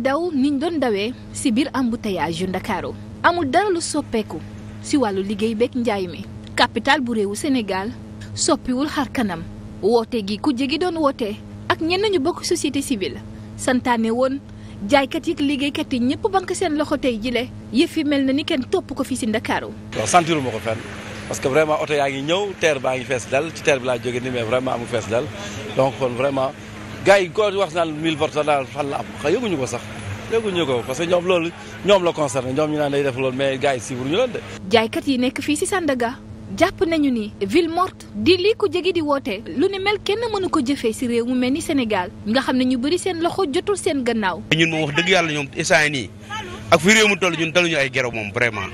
daw niñ doon dawee si biir am embouteillage yu ndakaaru amul dara lu soppeeku si wàllu liggéey beeg njaay mi capital bu réewu Sénégal soppiwul xar kanam woote gi ku jegi doon woote ak ñenn ñu bokk société civile santaane woon jaaykat yi ak liggéeykat yi ñëpp banque seen loxo tey jile yëf yi mel na ni kenn topp ko fii si ndakaaru waaw sentiruma ko fenn parce que vraiment oto yaa ngi ñëw teer baa ngi fees dal ci teer bi laa jóge ni mais vraiment amu fees dal gars yi góor wax naan 1000 portes daal fan la am xëy yëguñu ko sax yëguñu ko parce que ñoom loolu ñoom la concerné ñoom ñu naan day def loolu mais gars yi siiwuñu leen de. jaaykat yi nekk fii ci Sandaga jàpp nañu ni ville morte di lii ko jege di wootee lu ne mel kenn mënu ko jëfee si réew mu mel ni Sénégal nga xam ne ñu bëri seen loxo jotul seen gannaaw. ñun moom wax dëgg yàlla ñoom instant nii ak fi réew mu toll ñun taluñu ay gero moom vraiment.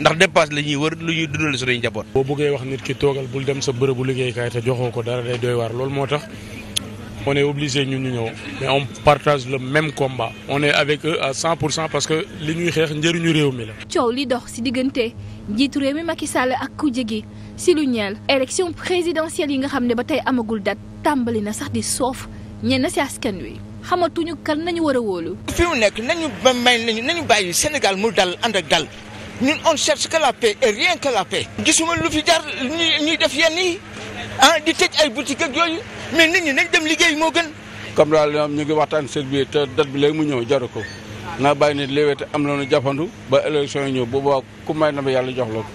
ndax dépasse la ñuy wër lu ñuy dundal suñuy njaboot. boo bëggee wax nit ki toogal bul dem sa bërëbu liggéeykaay te joxoo ko dara day waar loolu moo tax on est obligé ñun ñu ñëw mais on partage le même combat on est avec eux parce que li ñuy xeex njëriñu réew mi la. coow li dox ci diggante njiitu réew mi Macky ak ku jege ci lu ñeel élection présidentielle yi nga xam ne ba tey amagul date tàmbali na sax di soof ñenn ci askan wi xamatuñu kan nañu war a wóolu. fi mu nekk nañu ba may nañu nañu bàyyi Sénégal mu dal ànd ak dal ñun on cherche que et rien que gisuma lu fi jar ñuy def yenn yi. ah di tëj ay boutique ak yooyu mais nit ñi nañ dem liggéey moo gën. comme ñu ngi waxtaan seen biir te date bi léegi mu ñëw jaru ko naa bàyyi ne léwéte am na lu jàppandu ba élection yi ñëw bu boobaa ku may na ba yàlla jox la ko.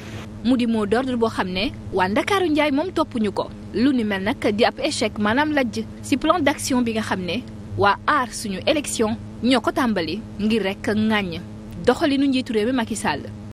mu di moo d'ordre boo xam ne waa Ndakaaru Njaay moom toppuñu ko lu ni mel nag di ab échec maanaam lajj ci plan d'action bi nga xam ne waa aar suñu élection ñoo ko tàmbali ngir rekk ŋàññ doxalinu njiitu réew mi Macky Sall.